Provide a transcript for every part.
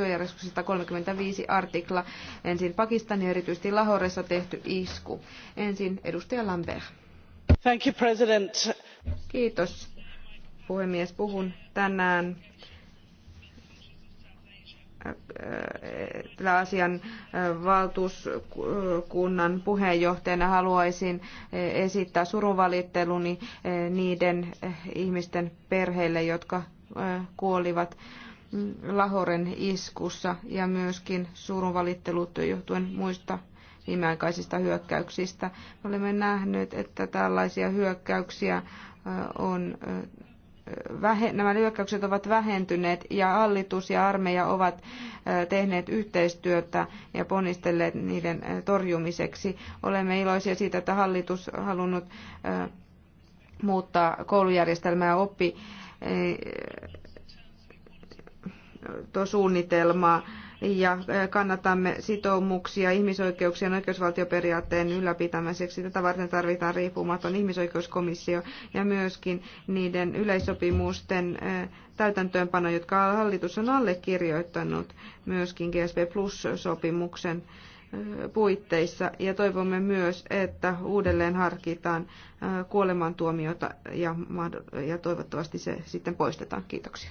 työjärjestyksen 35 artikla. Ensin Pakistan ja erityisesti Lahoressa tehty isku. Ensin edustaja Lambert. Thank you, President. Kiitos puhemies. Puhun tänään äh, äh, asian äh, valtuuskunnan puheenjohtajana haluaisin esittää surunvalitteluni niiden ihmisten perheille, jotka kuolivat Mm, Lahoren iskussa ja myöskin valittelut johtuen muista viimeaikaisista hyökkäyksistä. Olemme nähneet, että tällaisia hyökkäyksiä on nämä hyökkäykset ovat vähentyneet ja hallitus ja armeija ovat tehneet yhteistyötä ja ponnistelleet niiden torjumiseksi. Olemme iloisia siitä, että hallitus on halunnut muuttaa koulujärjestelmää oppi suunnitelmaa ja kannatamme sitoumuksia ihmisoikeuksien oikeusvaltioperiaatteen ylläpitämiseksi. Tätä varten tarvitaan riippumaton ihmisoikeuskomissio ja myöskin niiden yleissopimusten täytäntöönpano, jotka hallitus on allekirjoittanut myöskin GSP Plus-sopimuksen puitteissa ja toivomme myös, että uudelleen harkitaan kuolemantuomiota ja, ja toivottavasti se sitten poistetaan. Kiitoksia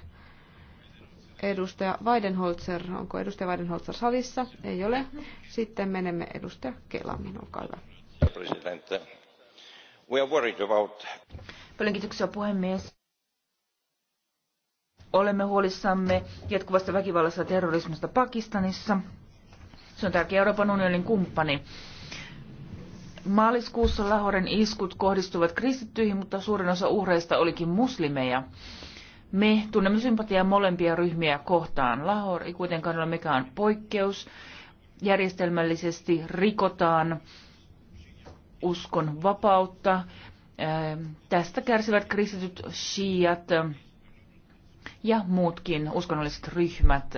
edustaja Weidenholzer. Onko edustaja Weidenholzer salissa? Ei ole. Sitten menemme edustaja Kelamin. Olkaa hyvä. Paljon kiitoksia puhemies. Olemme huolissamme jatkuvasta väkivallasta ja terrorismista Pakistanissa. Se on tärkeä Euroopan unionin kumppani. Maaliskuussa Lahoren iskut kohdistuvat kristittyihin, mutta suurin osa uhreista olikin muslimeja. Me tunnemme sympatiaa molempia ryhmiä kohtaan. Lahor ei kuitenkaan ole mikään poikkeus. Järjestelmällisesti rikotaan uskon vapautta. Ehm, tästä kärsivät kristityt shiat ehm, ja muutkin uskonnolliset ryhmät.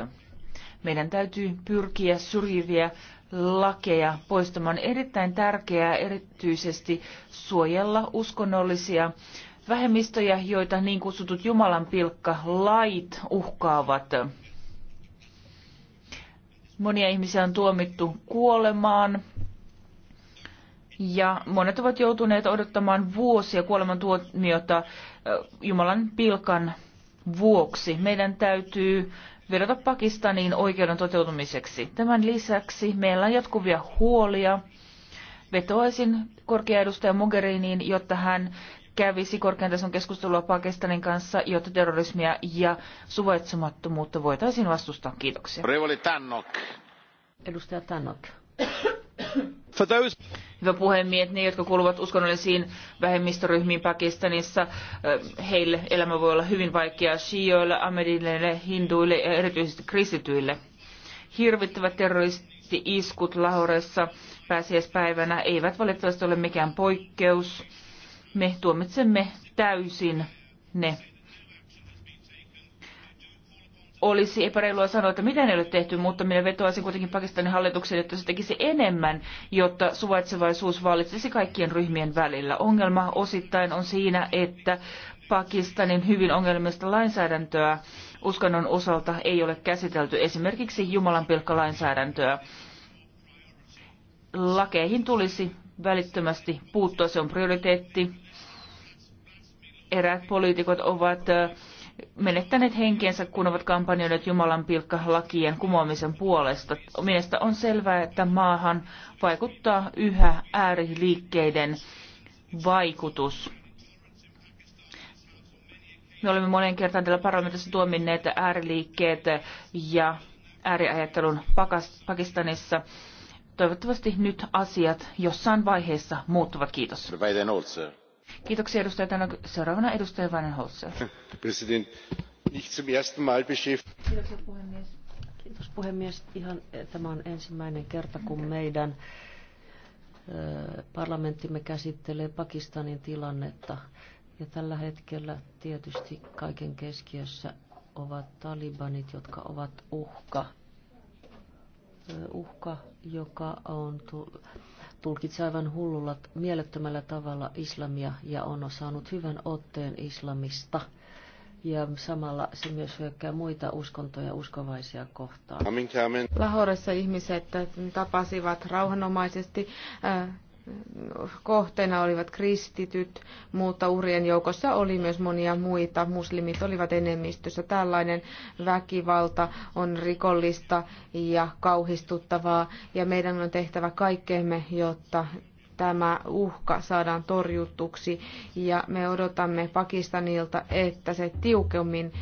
Meidän täytyy pyrkiä syrjiviä lakeja poistamaan. Erittäin tärkeää erityisesti suojella uskonnollisia vähemmistöjä, joita niin kutsutut Jumalan pilkka lait uhkaavat. Monia ihmisiä on tuomittu kuolemaan ja monet ovat joutuneet odottamaan vuosia kuoleman tuomiota Jumalan pilkan vuoksi. Meidän täytyy vedota Pakistaniin oikeuden toteutumiseksi. Tämän lisäksi meillä on jatkuvia huolia. Vetoaisin korkea edustaja Mogheriniin, jotta hän kävisi korkean tason keskustelua Pakistanin kanssa, jotta terrorismia ja suvaitsemattomuutta voitaisiin vastustaa. Kiitoksia. Revoli Tannok. Edustaja Tannok. For those... Hyvä puhemies, ne jotka kuuluvat uskonnollisiin vähemmistöryhmiin Pakistanissa, eh, heille elämä voi olla hyvin vaikeaa shioille, amedille, hinduille ja erityisesti kristityille. Hirvittävät terroristi-iskut Lahoressa pääsiäispäivänä eivät valitettavasti ole mikään poikkeus me tuomitsemme täysin ne. Olisi epäreilua sanoa, että mitä ei ole tehty, mutta minä vetoaisin kuitenkin Pakistanin hallituksen, että se tekisi enemmän, jotta suvaitsevaisuus vallitsisi kaikkien ryhmien välillä. Ongelma osittain on siinä, että Pakistanin hyvin ongelmista lainsäädäntöä uskonnon osalta ei ole käsitelty, esimerkiksi Jumalan pilkkalainsäädäntöä. Lakeihin tulisi välittömästi puuttua. Se on prioriteetti. Eräät poliitikot ovat menettäneet henkensä, kun ovat kampanjoineet Jumalan pilkka lakien kumoamisen puolesta. Mielestä on selvää, että maahan vaikuttaa yhä ääriliikkeiden vaikutus. Me olemme monen kertaan täällä parlamentissa tuominneet ääriliikkeet ja ääriajattelun Pakistanissa. Toivottavasti nyt asiat jossain vaiheessa muuttuvat. Kiitos. Kiitoksia edustaja Tänok. Seuraavana edustaja Weidenholzer. President, nicht zum ersten Mal beschäftigt. Kiitoksia puhemies. Kiitos puhemies. Ihan, eh, tämä on ensimmäinen kerta, kun meidän eh, parlamenttimme käsittelee Pakistanin tilannetta. Ja tällä hetkellä tietysti kaiken keskiössä ovat talibanit, jotka ovat uhka uhka, joka on tulkitse aivan hullulla, mielettömällä tavalla islamia ja on saanut hyvän otteen islamista. Ja samalla se myös hyökkää muita uskontoja uskovaisia kohtaan. Lahoressa ihmiset tapasivat rauhanomaisesti kohteena olivat kristityt, mutta uhrien joukossa oli myös monia muita. Muslimit olivat enemmistössä. Tällainen väkivalta on rikollista ja kauhistuttavaa ja meidän on tehtävä kaikkemme, jotta tämä uhka saadaan torjuttuksi ja me odotamme Pakistanilta, että se tiukemmin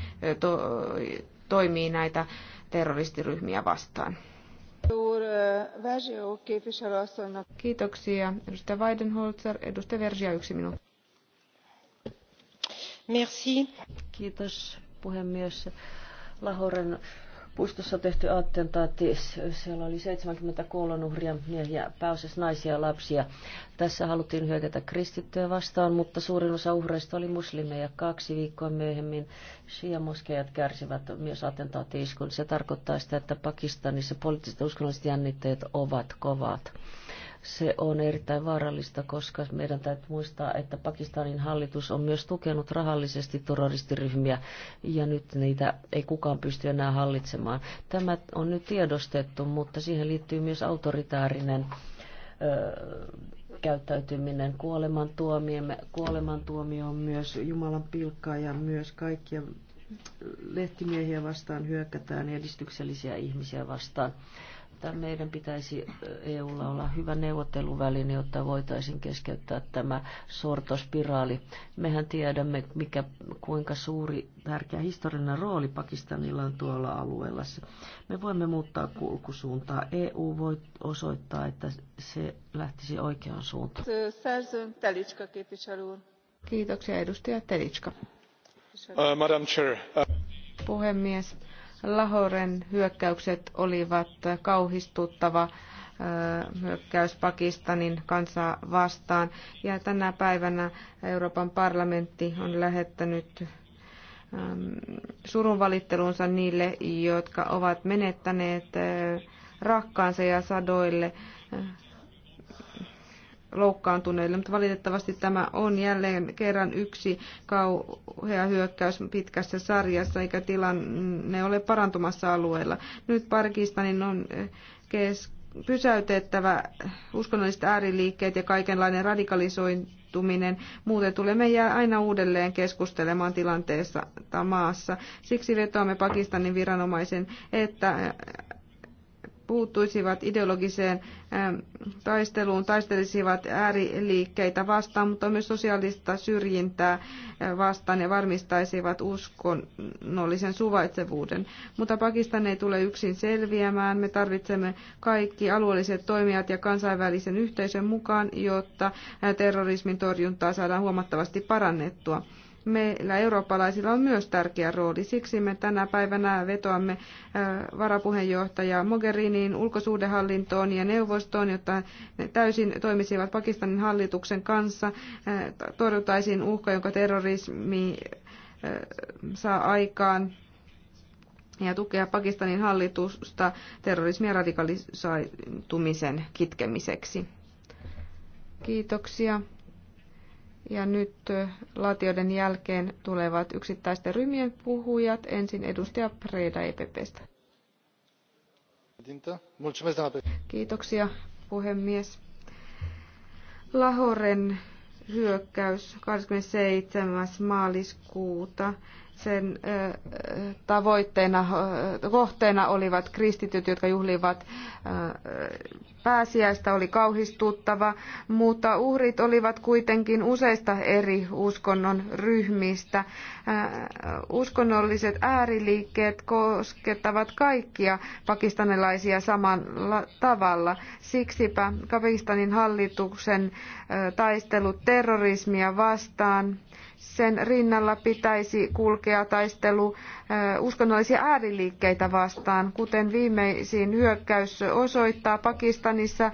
toimii näitä terroristiryhmiä vastaan. Eh, Kiitoksia. Edustaja Weidenholzer, edustaja Versia, yksi minuutti. Merci. Kiitos puhemies. Lahoren Puistossa tehty attentaatti, siellä oli 70 kuolonuhria, miehiä, pääosassa naisia ja lapsia. Tässä haluttiin hyökätä kristittyä vastaan, mutta suurin osa uhreista oli muslimeja. Kaksi viikkoa myöhemmin shia-moskejat kärsivät myös attentaatti-iskun. Se tarkoittaa sitä, että Pakistanissa poliittiset uskonnolliset jännitteet ovat kovat. Se on erittäin vaarallista, koska meidän täytyy muistaa, että Pakistanin hallitus on myös tukenut rahallisesti terroristiryhmiä ja nyt niitä ei kukaan pysty enää hallitsemaan. Tämä on nyt tiedostettu, mutta siihen liittyy myös autoritaarinen ö, käyttäytyminen. Kuolemantuomio on myös Jumalan pilkkaa ja myös kaikkia lehtimiehiä vastaan hyökätään ja edistyksellisiä ihmisiä vastaan että meidän pitäisi EUlla olla hyvä neuvotteluväline, jotta voitaisiin keskeyttää tämä sortospiraali. Mehän tiedämme, mikä, kuinka suuri tärkeä historiallinen rooli Pakistanilla on tuolla alueella. Me voimme muuttaa kulkusuuntaa. EU voi osoittaa, että se lähtisi oikeaan suuntaan. Kiitoksia edustaja Telitska. Uh, Madam Chair. Uh... Puhemies Lahoren hyökkäykset olivat kauhistuttava hyökkäys Pakistanin kansaa vastaan. Ja tänä päivänä Euroopan parlamentti on lähettänyt surunvalittelunsa niille, jotka ovat menettäneet rakkaansa ja sadoille loukkaantuneille, mutta valitettavasti tämä on jälleen kerran yksi kauhea hyökkäys pitkässä sarjassa, eikä tilanne ole parantumassa alueella. Nyt Pakistanin on eh, kes- pysäytettävä uskonnolliset ääriliikkeet ja kaikenlainen radikalisoituminen. Muuten tulemme jää aina uudelleen keskustelemaan tilanteessa maassa. Siksi vetoamme Pakistanin viranomaisen, että puuttuisivat ideologiseen ähm, taisteluun, taistelisivat ääriliikkeitä vastaan, mutta myös sosiaalista syrjintää äh, vastaan ja varmistaisivat uskonnollisen suvaitsevuuden. Mutta Pakistan ei tule yksin selviämään. Me tarvitsemme kaikki alueelliset toimijat ja kansainvälisen yhteisön mukaan, jotta äh, terrorismin torjuntaa saadaan huomattavasti parannettua meillä eurooppalaisilla on myös tärkeä rooli. Siksi me tänä päivänä vetoamme varapuheenjohtaja Mogheriniin, ulkosuhdehallintoon ja neuvostoon, jotta ne täysin toimisivat Pakistanin hallituksen kanssa, torjutaisiin uhka, jonka terrorismi saa aikaan ja tukea Pakistanin hallitusta terrorismin ja radikalisoitumisen kitkemiseksi. Kiitoksia. Ja nyt laatioiden jälkeen tulevat yksittäisten ryhmien puhujat. Ensin edustaja Preda EPPstä. Kiitoksia puhemies. Lahoren hyökkäys 27. maaliskuuta. Sen tavoitteena, kohteena olivat kristityt, jotka juhlivat pääsiäistä oli kauhistuttava, mutta uhrit olivat kuitenkin useista eri uskonnon ryhmistä. Äh, uskonnolliset ääriliikkeet koskettavat kaikkia pakistanilaisia samalla tavalla. Siksipä Pakistanin hallituksen äh, taistelut terrorismia vastaan sen rinnalla pitäisi kulkea taistelu äh, uskonnollisia ääriliikkeitä vastaan, kuten viimeisin hyökkäys osoittaa Pakistan Afganistanissa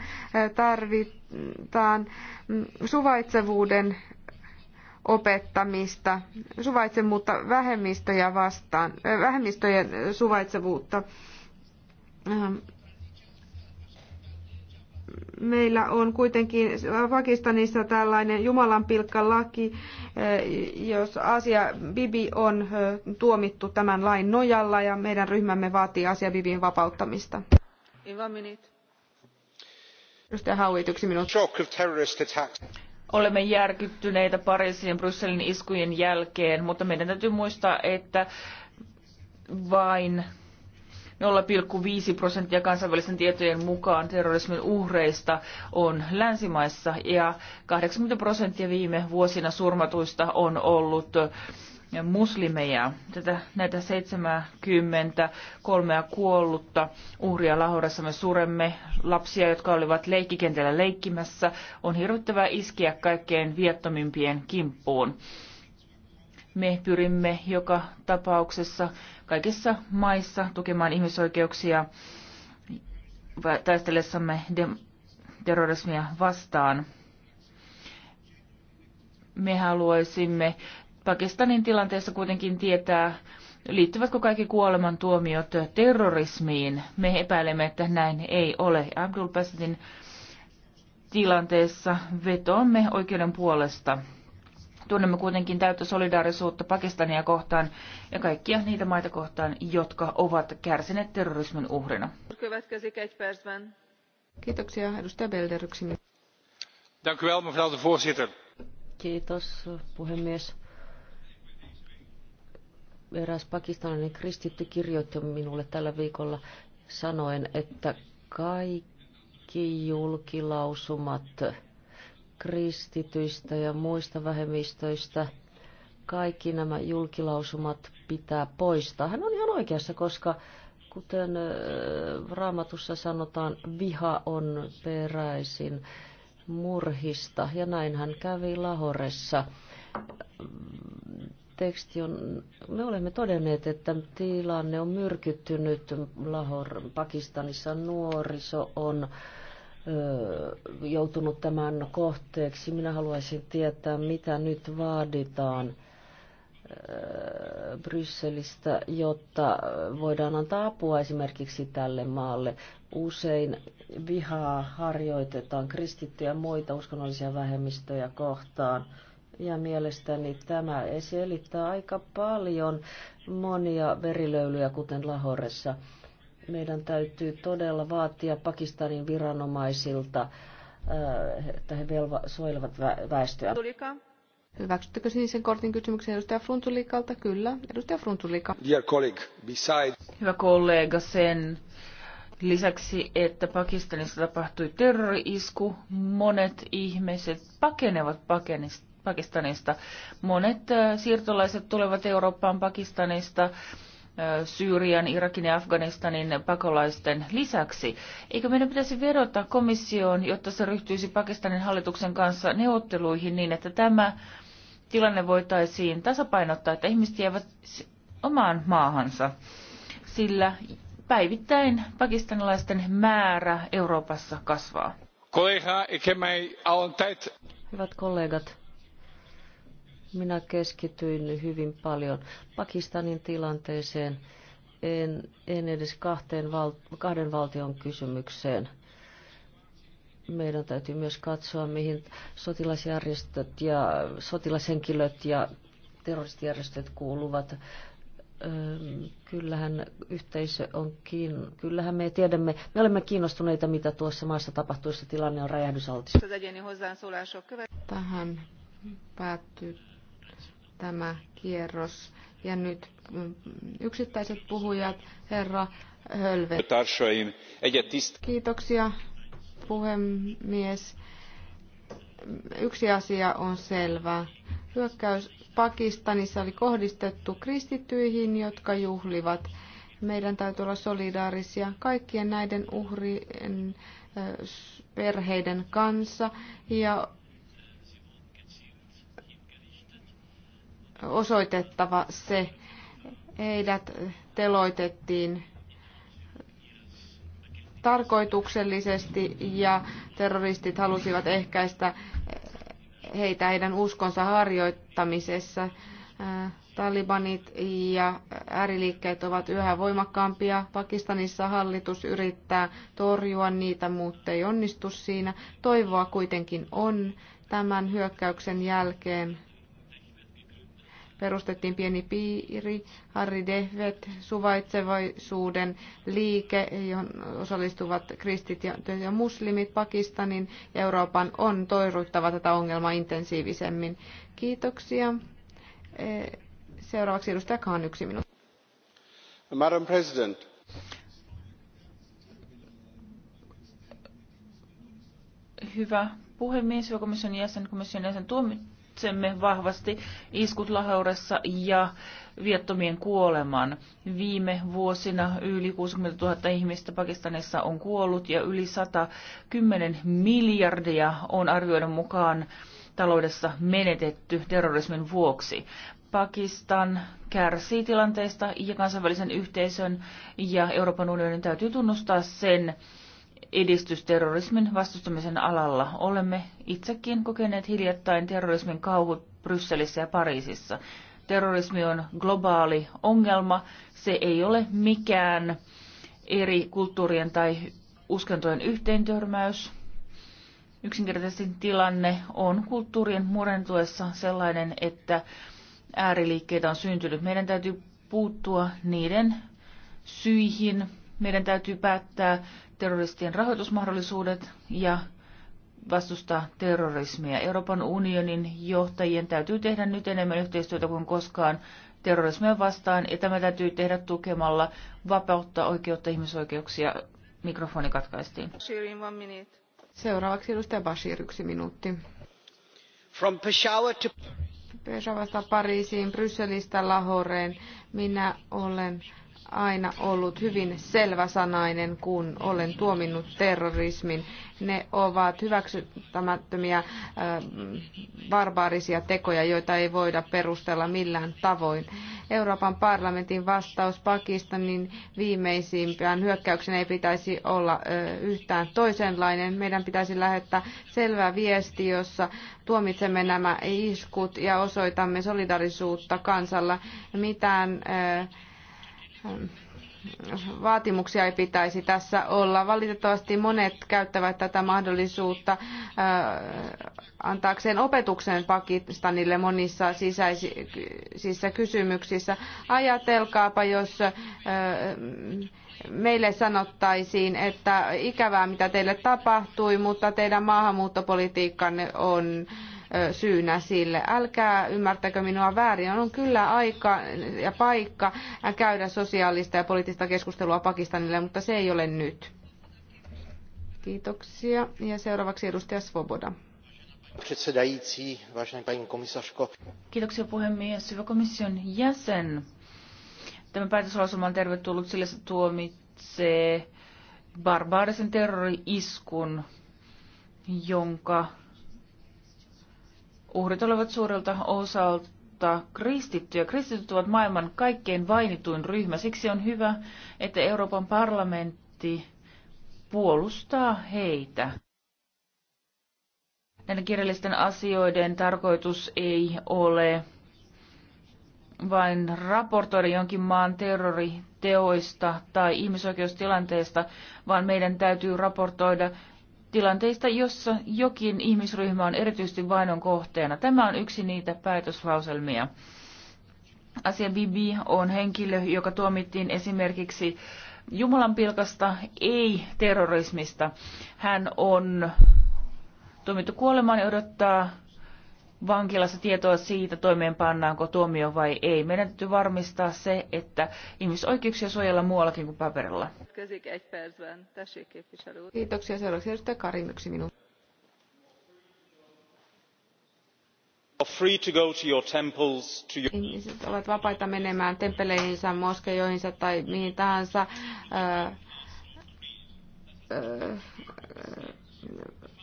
tarvitaan mm, suvaitsevuuden opettamista, suvaitsemuutta vähemmistöjä vastaan, vähemmistöjen suvaitsevuutta. Ähm, meillä on kuitenkin Pakistanissa tällainen Jumalanpilkka laki, jos asia Bibi on tuomittu tämän lain nojalla ja meidän ryhmämme vaatii asia Bibin vapauttamista. Olemme järkyttyneitä Pariisin ja Brysselin iskujen jälkeen, mutta meidän täytyy muistaa, että vain viisi prosenttia kansainvälisten tietojen mukaan terrorismin uhreista on länsimaissa ja 80 prosenttia viime vuosina surmatuista on ollut muslimeja. Tätä, näitä 73 kuollutta uhria Lahoressa me suremme, lapsia, jotka olivat leikkikentällä leikkimässä. On hirvittävää iskeä kaikkein viattomimpien kimppuun. Me pyrimme joka tapauksessa kaikissa maissa tukemaan ihmisoikeuksia taistellessamme terrorismia vastaan. Me haluaisimme Pakistanin tilanteessa kuitenkin tietää, liittyvätkö kaikki kuolemantuomiot terrorismiin. Me epäilemme, että näin ei ole. Abdul Basitin tilanteessa vetoamme oikeuden puolesta. Tunnemme kuitenkin täyttä solidaarisuutta Pakistania kohtaan ja kaikkia niitä maita kohtaan, jotka ovat kärsineet terrorismin uhrina. Kiitoksia, edustaja Belder, yksi Kiitos, puhemies eräs pakistanilainen kristitty kirjoitti minulle tällä viikolla sanoen, että kaikki julkilausumat kristityistä ja muista vähemmistöistä, kaikki nämä julkilausumat pitää poistaa. Hän on ihan oikeassa, koska kuten raamatussa sanotaan, viha on peräisin murhista. Ja näin hän kävi Lahoressa teksti on, me olemme todenneet, että tilanne on myrkyttynyt Lahor, Pakistanissa nuoriso on ö, joutunut tämän kohteeksi. Minä haluaisin tietää, mitä nyt vaaditaan Brysselistä, jotta voidaan antaa apua esimerkiksi tälle maalle. Usein vihaa harjoitetaan kristittyjä ja muita uskonnollisia vähemmistöjä kohtaan ja mielestäni tämä selittää aika paljon monia verilöylyjä, kuten Lahoressa. Meidän täytyy todella vaatia Pakistanin viranomaisilta, äh, että he velva, suojelevat väestöä. Hyväksyttekö sinisen kortin kysymyksen edustaja Fruntulikalta? Kyllä, edustaja Fruntulika. Dear colleague, besides... Hyvä kollega, sen lisäksi, että Pakistanissa tapahtui terrori-isku, monet ihmiset pakenevat Pakenista. Pakistanista. Monet siirtolaiset tulevat Eurooppaan Pakistanista. Syyrian, Irakin ja Afganistanin pakolaisten lisäksi. Eikö meidän pitäisi vedota komissioon, jotta se ryhtyisi Pakistanin hallituksen kanssa neuvotteluihin niin, että tämä tilanne voitaisiin tasapainottaa, että ihmiset jäävät omaan maahansa, sillä päivittäin pakistanilaisten määrä Euroopassa kasvaa. Kollega, Hyvät kollegat, minä keskityin hyvin paljon Pakistanin tilanteeseen, en, en edes kahteen val, kahden valtion kysymykseen. Meidän täytyy myös katsoa, mihin sotilasjärjestöt ja sotilashenkilöt ja terroristijärjestöt kuuluvat kyllähän yhteisö on kiin... Kyllähän me tiedämme, me olemme kiinnostuneita, mitä tuossa maassa tapahtuu, jos tilanne on räjähdysaltis. Tähän päättyy tämä kierros. Ja nyt mm, yksittäiset puhujat, herra Hölve. Kiitoksia, puhemies. Yksi asia on selvä. Hyökkäys Pakistanissa oli kohdistettu kristittyihin, jotka juhlivat. Meidän täytyy olla solidaarisia kaikkien näiden uhrien perheiden kanssa ja osoitettava se. Heidät teloitettiin tarkoituksellisesti ja terroristit halusivat ehkäistä heitä heidän uskonsa harjoittamisessa. Talibanit ja ääriliikkeet ovat yhä voimakkaampia. Pakistanissa hallitus yrittää torjua niitä, mutta ei onnistu siinä. Toivoa kuitenkin on tämän hyökkäyksen jälkeen perustettiin pieni piiri, Harri Dehvet, suvaitsevaisuuden liike, johon osallistuvat kristit ja muslimit Pakistanin. Euroopan on toiruttava tätä ongelmaa intensiivisemmin. Kiitoksia. E, seuraavaksi edustaja Kahn, yksi minuutti. Madam President. Hyvä puhemies, komission jäsen, komission jäsen tuomittu tarvitsemme vahvasti iskut Lahauressa ja viettomien kuoleman. Viime vuosina yli 60 000 ihmistä Pakistanissa on kuollut ja yli 110 miljardia on arvioiden mukaan taloudessa menetetty terrorismin vuoksi. Pakistan kärsii tilanteesta ja kansainvälisen yhteisön ja Euroopan unionin täytyy tunnustaa sen edistys terrorismin vastustamisen alalla. Olemme itsekin kokeneet hiljattain terrorismin kauhut Brysselissä ja Pariisissa. Terrorismi on globaali ongelma. Se ei ole mikään eri kulttuurien tai uskontojen yhteentörmäys. Yksinkertaisesti tilanne on kulttuurien murentuessa sellainen, että ääriliikkeitä on syntynyt. Meidän täytyy puuttua niiden syihin. Meidän täytyy päättää terroristien rahoitusmahdollisuudet ja vastustaa terrorismia. Euroopan unionin johtajien täytyy tehdä nyt enemmän yhteistyötä kuin koskaan terrorismia vastaan, ja tämä täytyy tehdä tukemalla vapautta, oikeutta, ihmisoikeuksia. Mikrofoni katkaistiin. Seuraavaksi edustaja Bashir, yksi minuutti. From Peshawar to... Peshawasta Pariisiin, Brysselistä Lahoreen. Minä olen aina ollut hyvin selväsanainen, kun olen tuominnut terrorismin. Ne ovat hyväksymättömiä barbaarisia tekoja, joita ei voida perustella millään tavoin. Euroopan parlamentin vastaus Pakistanin viimeisimpään hyökkäyksen ei pitäisi olla yhtään toisenlainen. Meidän pitäisi lähettää selvä viesti, jossa tuomitsemme nämä iskut ja osoitamme solidarisuutta kansalla. Mitään vaatimuksia ei pitäisi tässä olla. Valitettavasti monet käyttävät tätä mahdollisuutta äh, antaakseen opetuksen Pakistanille monissa sisäisissä kysymyksissä. Ajatelkaapa, jos äh, meille sanottaisiin, että ikävää mitä teille tapahtui, mutta teidän maahanmuuttopolitiikkanne on äh, syynä sille. Älkää ymmärtäkö minua väärin, on kyllä aika ja paikka käydä sosiaalista ja poliittista keskustelua Pakistanille, mutta se ei ole nyt. Kiitoksia. Ja seuraavaksi edustaja Svoboda. Kiitoksia puhemies. Hyvä komission jäsen. Tämä päätöslausuma on tervetullut, sillä se tuomitsee barbaarisen terrori-iskun, jonka Uhrit olivat suurelta osalta kristittyjä. Kristityt ovat maailman kaikkein vainituin ryhmä. Siksi on hyvä, että Euroopan parlamentti puolustaa heitä. Näiden kirjallisten asioiden tarkoitus ei ole vain raportoida jonkin maan terroriteoista tai ihmisoikeustilanteesta, vaan meidän täytyy raportoida tilanteista, jossa jokin ihmisryhmä on erityisesti vainon kohteena. Tämä on yksi niitä päätöslauselmia. Asia Bibi on henkilö, joka tuomittiin esimerkiksi Jumalan pilkasta, ei terrorismista. Hän on tuomittu kuolemaan ja odottaa vankilassa tietoa siitä, toimeenpannaanko tuomio vai ei. Meidän täytyy varmistaa se, että ihmisoikeuksia suojella muuallakin kuin paperilla. Kiitoksia. Seuraavaksi edustaja Karim, yksi minuutti. Ihmiset ovat vapaita menemään temppeleihinsä, moskejoihinsa tai mihin tahansa. äh, äh,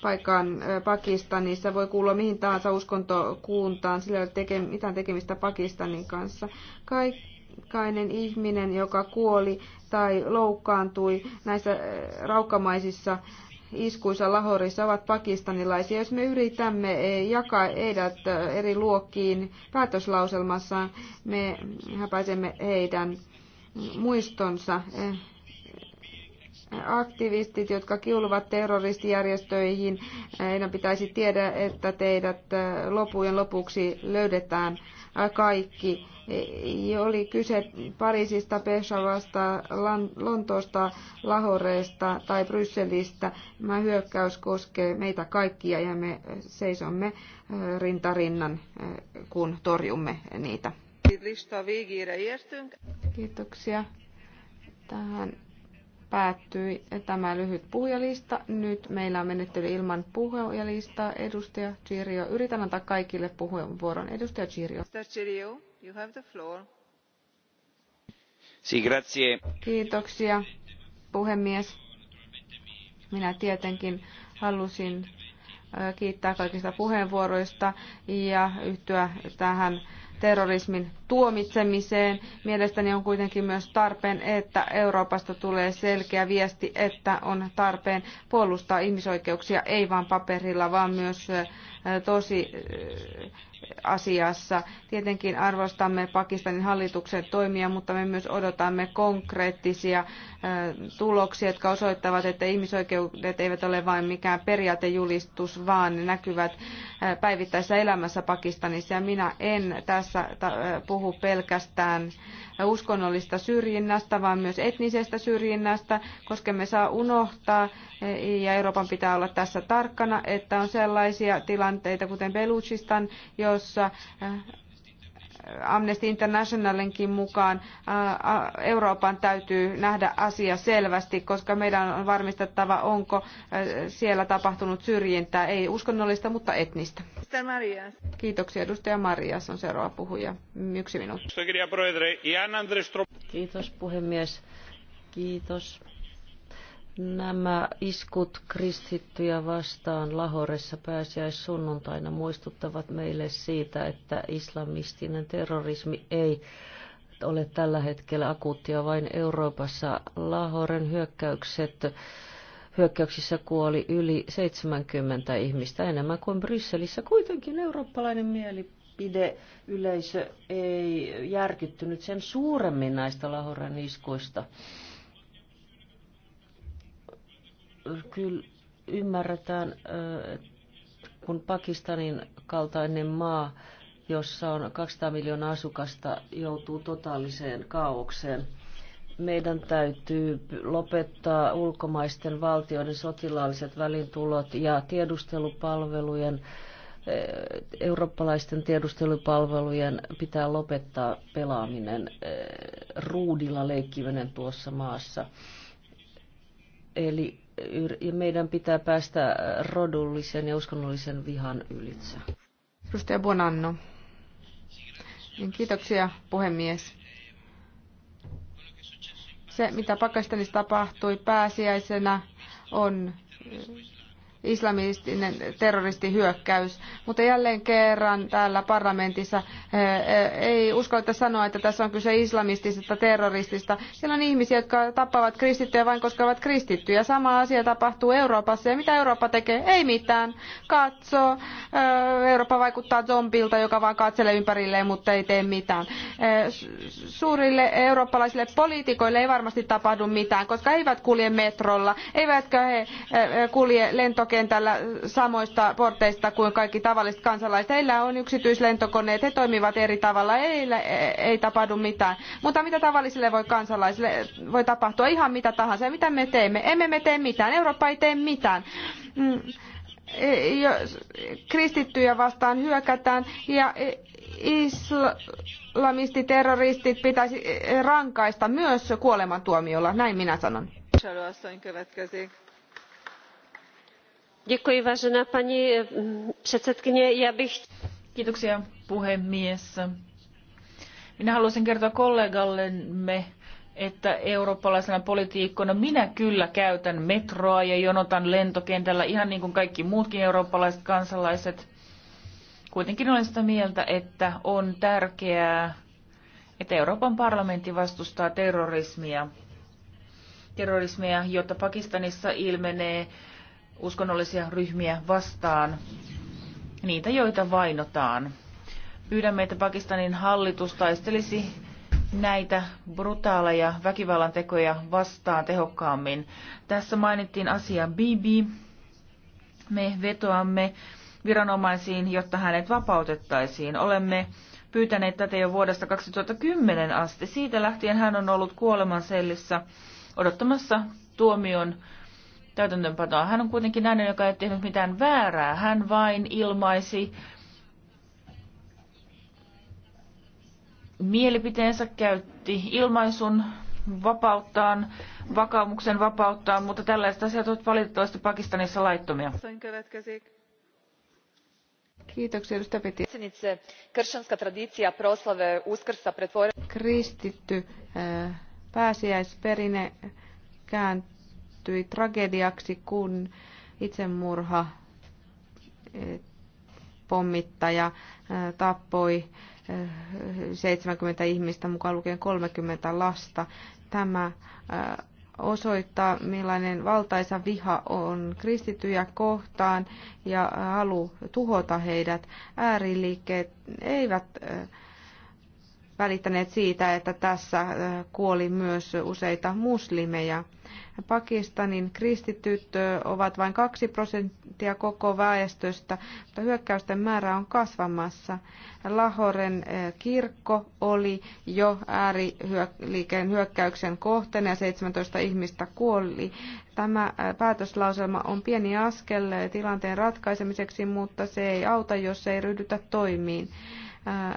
paikan Pakistanissa, voi kuulua mihin tahansa uskontokuuntaan, sillä ei ole teke, mitään tekemistä Pakistanin kanssa. kaikainen ihminen, joka kuoli tai loukkaantui näissä raukkamaisissa iskuissa Lahorissa ovat pakistanilaisia. Jos me yritämme e, jakaa heidät eri luokkiin päätöslauselmassa me häpäisemme heidän muistonsa aktivistit, jotka kiuluvat terroristijärjestöihin, heidän pitäisi tiedä, että teidät lopujen lopuksi löydetään kaikki. Oli kyse Pariisista, Peshavasta, Lontoosta, Lahoreesta tai Brysselistä. Tämä hyökkäys koskee meitä kaikkia ja me seisomme rintarinnan, kun torjumme niitä. Kiitoksia. Tähän päättyi tämä lyhyt puhujalista. Nyt meillä on menettely ilman puhujalistaa. Edustaja Chirio, yritän antaa kaikille puheenvuoron. Edustaja Chirio. you have the floor. Si, grazie. Kiitoksia, puhemies. Minä tietenkin halusin kiittää kaikista puheenvuoroista ja yhtyä tähän terrorismin tuomitsemiseen. Mielestäni on kuitenkin myös tarpeen, että Euroopasta tulee selkeä viesti, että on tarpeen puolustaa ihmisoikeuksia ei vain paperilla, vaan myös tosi asiassa. Tietenkin arvostamme Pakistanin hallituksen toimia, mutta me myös odotamme konkreettisia tuloksia, jotka osoittavat, että ihmisoikeudet eivät ole vain mikään periaatejulistus, vaan ne näkyvät päivittäisessä elämässä Pakistanissa. Ja minä en tässä puhu puhu pelkästään uskonnollista syrjinnästä, vaan myös etnisestä syrjinnästä, koska me saa unohtaa, ja Euroopan pitää olla tässä tarkkana, että on sellaisia tilanteita, kuten Beluchistan, jossa Amnesty Internationalenkin mukaan Euroopan täytyy nähdä asia selvästi, koska meidän on varmistettava, onko siellä tapahtunut syrjintää, ei uskonnollista, mutta etnistä. Kiitoksia. Edustaja Marias on seuraava puhuja. Yksi minuutti. Kiitos puhemies. Kiitos Nämä iskut kristittyjä vastaan Lahoressa pääsiäissunnuntaina muistuttavat meille siitä, että islamistinen terrorismi ei ole tällä hetkellä akuuttia vain Euroopassa. Lahoren hyökkäykset, hyökkäyksissä kuoli yli 70 ihmistä enemmän kuin Brysselissä. Kuitenkin eurooppalainen mielipide yleisö ei järkyttynyt sen suuremmin näistä Lahoren iskuista kyllä ymmärretään, kun Pakistanin kaltainen maa, jossa on 200 miljoonaa asukasta, joutuu totaaliseen kaaukseen. Meidän täytyy lopettaa ulkomaisten valtioiden sotilaalliset välintulot ja tiedustelupalvelujen eurooppalaisten tiedustelupalvelujen pitää lopettaa pelaaminen ruudilla leikkiminen tuossa maassa. Eli ja meidän pitää päästä rodullisen ja uskonnollisen vihan ylitse. Edustaja Bonanno. Niin, kiitoksia puhemies. Se, mitä Pakistanissa tapahtui pääsiäisenä, on islamistinen terroristihyökkäys. Mutta jälleen kerran täällä parlamentissa eh, eh, ei uskalleta sanoa, että tässä on kyse islamistisesta terroristista. Siellä on ihmisiä, jotka tappavat kristittyjä vain koska ovat kristittyjä. Sama asia tapahtuu Euroopassa. Ja mitä Eurooppa tekee? Ei mitään. Katso. Eh, Eurooppa vaikuttaa zombilta, joka vaan katselee ympärilleen, mutta ei tee mitään. Suurille eurooppalaisille poliitikoille ei varmasti tapahdu mitään, koska eivät kulje metrolla, eivätkä he kulje lentokoneella? lentokentällä samoista porteista kuin kaikki tavalliset kansalaiset. Heillä on yksityislentokoneet, he toimivat eri tavalla, heillä e- ei tapahdu mitään. Mutta mitä tavallisille voi kansalaisille voi tapahtua? Ihan mitä tahansa. Ja mitä me teemme? Emme me tee mitään. Eurooppa ei tee mitään. Mm. E- kristittyjä vastaan hyökätään ja e- islamistiterroristit pitäisi rankaista myös kuolemantuomiolla, näin minä sanon paní eh, předsedající minä haluaisin kertoa kollegallemme että eurooppalaisena poliitikkona minä kyllä käytän metroa ja jonotan lentokentällä ihan niin kuin kaikki muutkin eurooppalaiset kansalaiset. Kuitenkin olen sitä mieltä, että on tärkeää, että Euroopan parlamentti vastustaa terrorismia. Terrorismia, jota Pakistanissa ilmenee uskonnollisia ryhmiä vastaan, niitä joita vainotaan. Pyydämme, että Pakistanin hallitus taistelisi näitä brutaaleja väkivallan tekoja vastaan tehokkaammin. Tässä mainittiin asia Bibi. Me vetoamme viranomaisiin, jotta hänet vapautettaisiin. Olemme pyytäneet tätä jo vuodesta 2010 asti. Siitä lähtien hän on ollut kuolemansellissä odottamassa tuomion täytäntöönpanoa. Hän on kuitenkin nainen, joka ei tehnyt mitään väärää. Hän vain ilmaisi mielipiteensä, käytti ilmaisun vapauttaan, vakaumuksen vapauttaan, mutta tällaiset asiat ovat valitettavasti Pakistanissa laittomia. Kiitoksia, edustaja Peti. Kršćanska tradicija proslave Uskrsa pretvorena... Kristitty äh, pääsiäisperinne kääntyy päättyi tragediaksi, kun itsemurha eh, pommittaja eh, tappoi 70 eh, ihmistä, mukaan lukien 30 lasta. Tämä osoittaa, millainen valtaisa viha on kristityjä kohtaan ja halu tuhota heidät. Ääriliikkeet eivät välittäneet siitä, että tässä kuoli myös useita muslimeja. Pakistanin kristityt ovat vain 2 prosenttia koko väestöstä, mutta hyökkäysten määrä on kasvamassa. Lahoren kirkko oli jo ääriliikkeen hyökkäyksen kohteena ja 17 ihmistä kuoli. Tämä päätöslauselma on pieni askel tilanteen ratkaisemiseksi, mutta se ei auta, jos ei ryhdytä toimiin.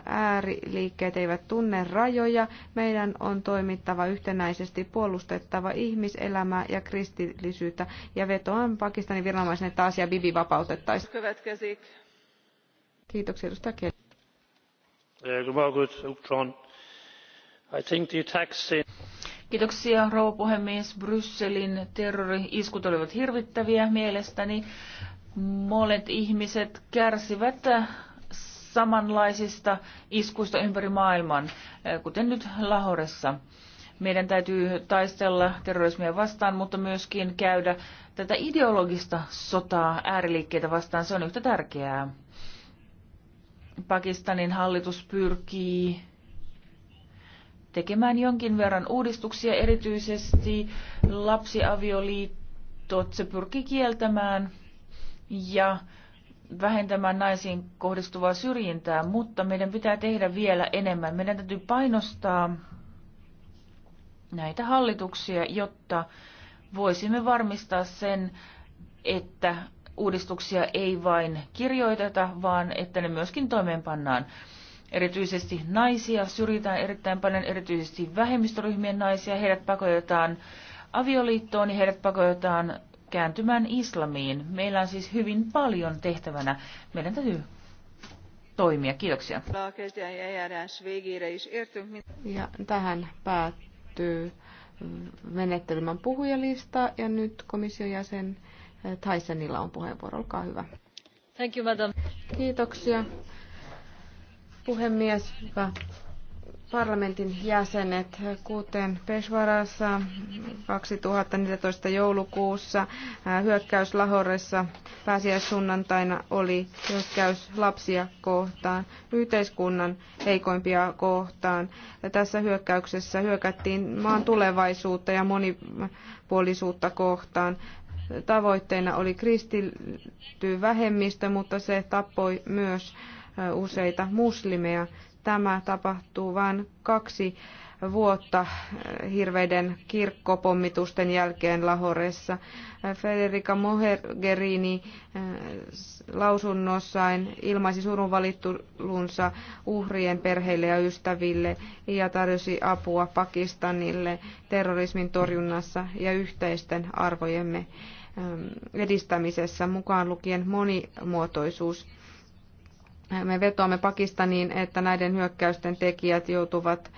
Ääriliikkeet eivät tunne rajoja. Meidän on toimittava yhtenäisesti puolustettava ihmiselämää ja kristillisyyttä. Ja vetoan Pakistanin viranomaisen, että asia Bibi vapautettaisiin. Kiitoksia, edustaja Kelly. Kiitoksia, rouva puhemies. Brysselin terrori-iskut olivat hirvittäviä mielestäni. Monet ihmiset kärsivät samanlaisista iskuista ympäri maailman, eh, kuten nyt Lahoressa. Meidän täytyy taistella terrorismia vastaan, mutta myöskin käydä tätä ideologista sotaa ääriliikkeitä vastaan. Se on yhtä tärkeää. Pakistanin hallitus pyrkii tekemään jonkin verran uudistuksia, erityisesti lapsiavioliittot. Se pyrkii kieltämään ja vähentämään naisiin kohdistuvaa syrjintää, mutta meidän pitää tehdä vielä enemmän. Meidän täytyy painostaa näitä hallituksia, jotta voisimme varmistaa sen, että uudistuksia ei vain kirjoiteta, vaan että ne myöskin toimeenpannaan. Erityisesti naisia syrjitään erittäin paljon, erityisesti vähemmistöryhmien naisia. Heidät pakotetaan avioliittoon ja niin heidät pakotetaan kääntymään islamiin. Meillä on siis hyvin paljon tehtävänä. Meidän täytyy toimia. Kiitoksia. Ja tähän päättyy menettelymän puhujalista ja nyt komission jäsen eh, Tysonilla on puheenvuoro. Olkaa hyvä. Thank you, madam. Kiitoksia. Puhemies, hyvä parlamentin jäsenet, kuten Peshwarassa 2014 joulukuussa, hyökkäys Lahoressa pääsiäissunnantaina oli hyökkäys lapsia kohtaan, yhteiskunnan heikoimpia kohtaan. Tässä hyökkäyksessä hyökättiin maan tulevaisuutta ja monipuolisuutta kohtaan. Tavoitteena oli kristitty vähemmistö, mutta se tappoi myös useita muslimeja tämä tapahtuu vain kaksi vuotta eh, hirveiden kirkkopommitusten jälkeen Lahoressa. Federica Mogherini eh, lausunnossaan ilmaisi surun valittelunsa uhrien perheille ja ystäville ja tarjosi apua Pakistanille terrorismin torjunnassa ja yhteisten arvojemme eh, edistämisessä, mukaan lukien monimuotoisuus. Me vetoamme Pakistaniin, että näiden hyökkäysten tekijät joutuvat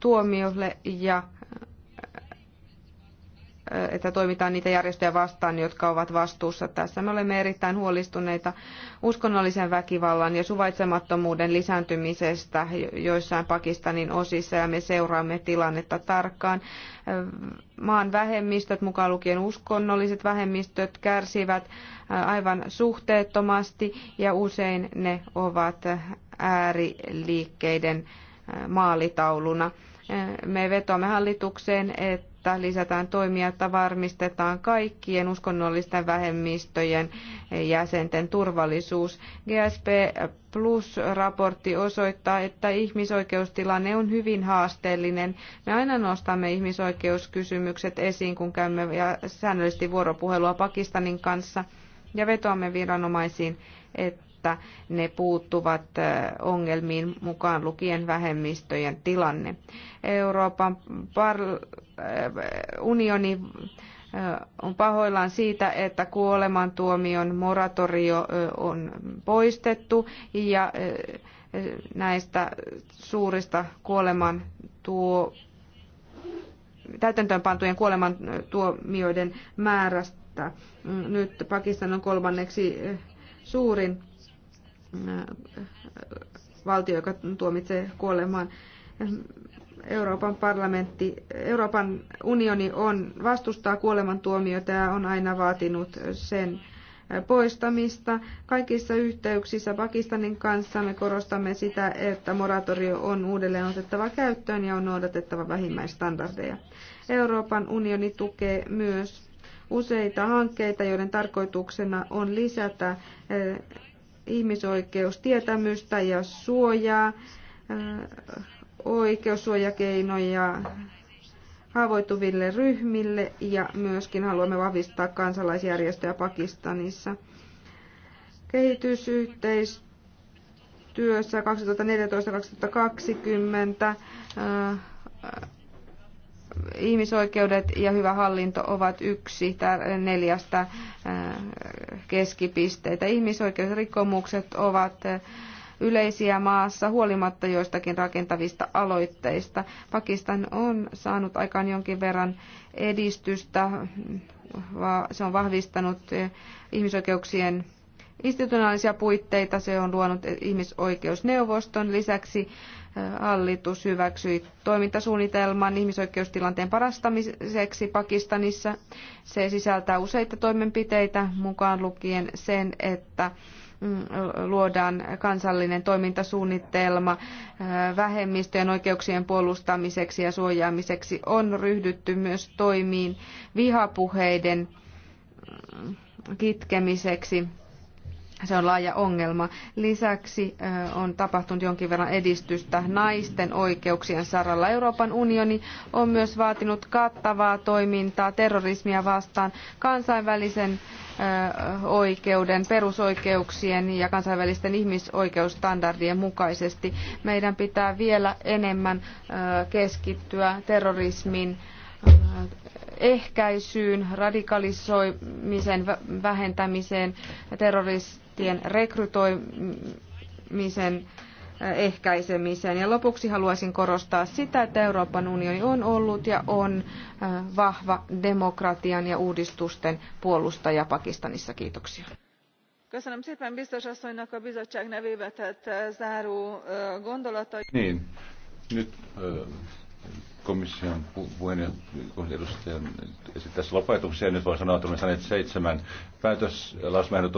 tuomiolle ja että toimitaan niitä järjestöjä vastaan, jotka ovat vastuussa tässä. Me olemme erittäin huolistuneita uskonnollisen väkivallan ja suvaitsemattomuuden lisääntymisestä joissain Pakistanin osissa ja me seuraamme tilannetta tarkkaan. Maan vähemmistöt, mukaan lukien uskonnolliset vähemmistöt, kärsivät aivan suhteettomasti ja usein ne ovat ääriliikkeiden maalitauluna. Me vetoamme hallitukseen, että että lisätään toimia, että varmistetaan kaikkien uskonnollisten vähemmistöjen jäsenten turvallisuus. GSP Plus-raportti osoittaa, että ihmisoikeustilanne on hyvin haasteellinen. Me aina nostamme ihmisoikeuskysymykset esiin, kun käymme säännöllisesti vuoropuhelua Pakistanin kanssa ja vetoamme viranomaisiin, että että ne puuttuvat ongelmiin mukaan lukien vähemmistöjen tilanne. Euroopan unioni on pahoillaan siitä, että kuolemantuomion moratorio on poistettu ja näistä suurista kuoleman tuo, täytäntöönpantujen kuolemantuomioiden määrästä. Nyt Pakistan on kolmanneksi suurin Äh, valtio, joka tuomitsee kuolemaan. Euroopan parlamentti, Euroopan unioni on, vastustaa kuolemantuomiota ja on aina vaatinut sen poistamista. Kaikissa yhteyksissä Pakistanin kanssa me korostamme sitä, että moratorio on uudelleen otettava käyttöön ja on noudatettava vähimmäistandardeja. Euroopan unioni tukee myös useita hankkeita, joiden tarkoituksena on lisätä ihmisoikeustietämystä ja suojaa, oikeussuojakeinoja haavoittuville ryhmille ja myöskin haluamme vahvistaa kansalaisjärjestöjä Pakistanissa. Kehitysyhteistyössä 2014-2020 ihmisoikeudet ja hyvä hallinto ovat yksi neljästä äh, keskipisteitä. Ihmisoikeusrikkomukset ovat äh, yleisiä maassa huolimatta joistakin rakentavista aloitteista. Pakistan on saanut aikaan jonkin verran edistystä. Se on vahvistanut äh, ihmisoikeuksien institutionaalisia puitteita. Se on luonut ihmisoikeusneuvoston. Lisäksi hallitus hyväksyi toimintasuunnitelman ihmisoikeustilanteen parastamiseksi Pakistanissa. Se sisältää useita toimenpiteitä, mukaan lukien sen, että mm, luodaan kansallinen toimintasuunnitelma äh, vähemmistöjen oikeuksien puolustamiseksi ja suojaamiseksi. On ryhdytty myös toimiin vihapuheiden mm, kitkemiseksi se on laaja ongelma. Lisäksi on tapahtunut jonkin verran edistystä naisten oikeuksien saralla. Euroopan unioni on myös vaatinut kattavaa toimintaa terrorismia vastaan kansainvälisen oikeuden, perusoikeuksien ja kansainvälisten ihmisoikeusstandardien mukaisesti. Meidän pitää vielä enemmän keskittyä terrorismin ehkäisyyn, radikalisoimisen vähentämiseen, terroristien rekrytoimisen äh, ehkäisemiseen. Ja lopuksi haluaisin korostaa sitä, että Euroopan unioni on ollut ja on äh, vahva demokratian ja uudistusten puolustaja Pakistanissa. Kiitoksia. Köszönöm szépen biztos asszonynak a bizottság nevébe tett äh, záró Niin, nyt komission puheenjohtajan esittäessä lopetuksia. Nyt voin sanoa, että olemme saaneet seitsemän päätöslausmäärätä